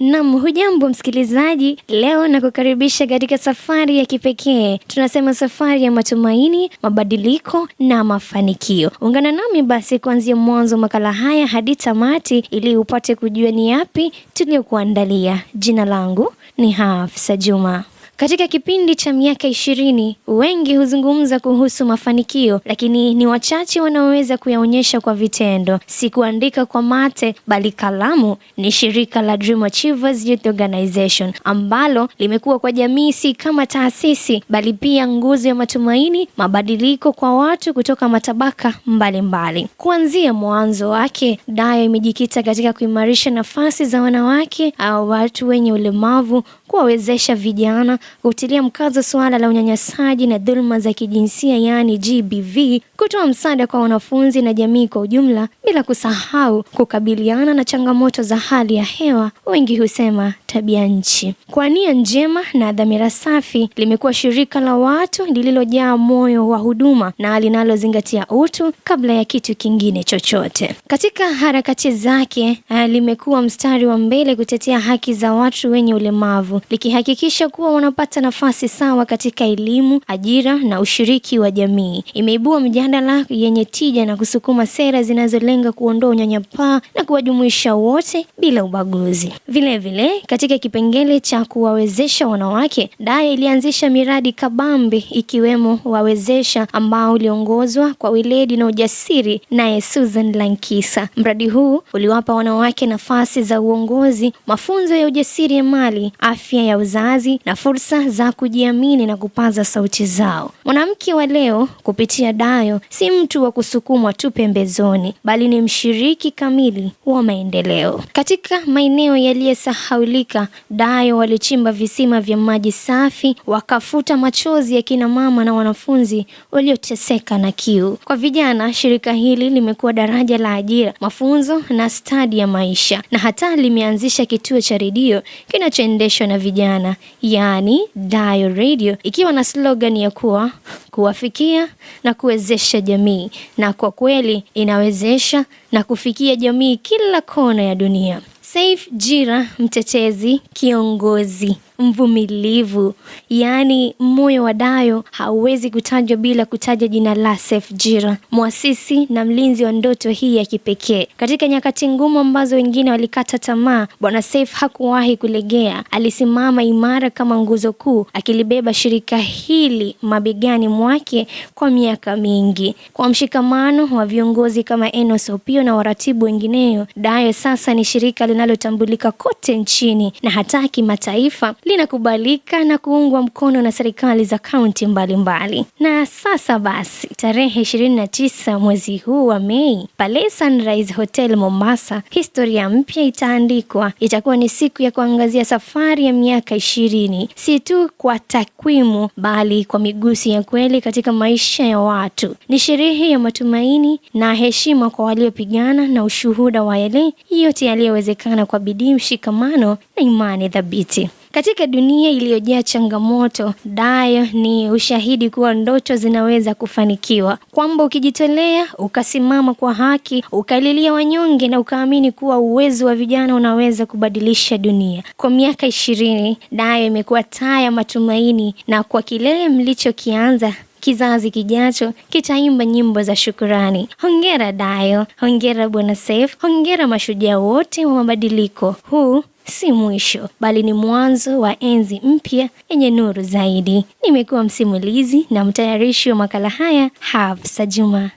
Nam, hujambo msikilizaji. Leo nakukaribisha katika safari ya kipekee. Tunasema safari ya matumaini, mabadiliko na mafanikio. Ungana nami basi kuanzia mwanzo makala haya hadi tamati, ili upate kujua ni yapi tuliyokuandalia. Jina langu ni Hafsa Juma. Katika kipindi cha miaka ishirini, wengi huzungumza kuhusu mafanikio, lakini ni wachache wanaoweza kuyaonyesha kwa vitendo. Si kuandika kwa mate, bali kalamu. Ni shirika la Dream Achievers Youth Organization ambalo limekuwa kwa jamii si kama taasisi, bali pia nguzo ya matumaini, mabadiliko kwa watu kutoka matabaka mbalimbali mbali. Kuanzia mwanzo wake, Dayo imejikita katika kuimarisha nafasi za wanawake au watu wenye ulemavu kuwawezesha vijana kutilia mkazo suala la unyanyasaji na dhuluma za kijinsia yaani GBV, kutoa msaada kwa wanafunzi na jamii kwa ujumla, bila kusahau kukabiliana na changamoto za hali ya hewa, wengi husema tabia nchi. Kwa nia njema na dhamira safi, limekuwa shirika la watu lililojaa moyo wa huduma na linalozingatia utu kabla ya kitu kingine chochote. Katika harakati zake, eh, limekuwa mstari wa mbele kutetea haki za watu wenye ulemavu endelevu likihakikisha kuwa wanapata nafasi sawa katika elimu, ajira na ushiriki wa jamii. Imeibua mjadala yenye tija na kusukuma sera zinazolenga kuondoa unyanyapaa na kuwajumuisha wote bila ubaguzi. Vilevile vile, katika kipengele cha kuwawezesha wanawake, DAE ilianzisha miradi kabambe ikiwemo Wawezesha ambao uliongozwa kwa weledi na ujasiri naye Susan Lankisa. Mradi huu uliwapa wanawake nafasi za uongozi, mafunzo ya ujasiri ya mali, afya afya ya uzazi na fursa za kujiamini na kupaza sauti zao. Mwanamke wa leo kupitia Dayo si mtu wa kusukumwa tu pembezoni, bali ni mshiriki kamili wa maendeleo. Katika maeneo yaliyosahaulika, Dayo walichimba visima vya maji safi, wakafuta machozi ya kina mama na wanafunzi walioteseka na kiu. Kwa vijana, shirika hili limekuwa daraja la ajira, mafunzo na stadi ya maisha, na hata limeanzisha kituo cha redio kinachoendeshwa na na vijana, yaani Dayo Radio, ikiwa na slogan ya kuwa kuwafikia na kuwezesha jamii, na kwa kweli inawezesha na kufikia jamii kila kona ya dunia. Saif Jira, mtetezi kiongozi mvumilivu, yaani moyo wa Dayo hauwezi kutajwa bila kutaja jina la sef Jira, mwasisi na mlinzi wa ndoto hii ya kipekee. Katika nyakati ngumu ambazo wengine walikata tamaa, bwana Seif hakuwahi kulegea. Alisimama imara kama nguzo kuu, akilibeba shirika hili mabegani mwake kwa miaka mingi. Kwa mshikamano wa viongozi kama Enos Opio na waratibu wengineyo, Dayo sasa ni shirika linalotambulika kote nchini na hata kimataifa linakubalika na kuungwa mkono na serikali za kaunti mbalimbali. Na sasa basi, tarehe 29 mwezi huu wa Mei pale Sunrise Hotel Mombasa, historia mpya itaandikwa. Itakuwa ni siku ya kuangazia safari ya miaka ishirini, si tu kwa takwimu, bali kwa migusi ya kweli katika maisha ya watu. Ni sherehe ya matumaini na heshima kwa waliopigana na ushuhuda wa yale yote yaliyowezekana kwa bidii, mshikamano na imani thabiti. Katika dunia iliyojaa changamoto, dayo ni ushahidi kuwa ndoto zinaweza kufanikiwa, kwamba ukijitolea, ukasimama kwa haki, ukalilia wanyonge na ukaamini kuwa uwezo wa vijana unaweza kubadilisha dunia. Kwa miaka ishirini, dayo imekuwa taa ya matumaini, na kwa kile mlichokianza kizazi kijacho kitaimba nyimbo za shukurani. Hongera Dayo, hongera Bwana hongera mashujaa wote wa mabadiliko. Huu si mwisho, bali ni mwanzo wa enzi mpya yenye nuru zaidi. Nimekuwa msimulizi na mtayarishi wa makala haya Hafsa Juma.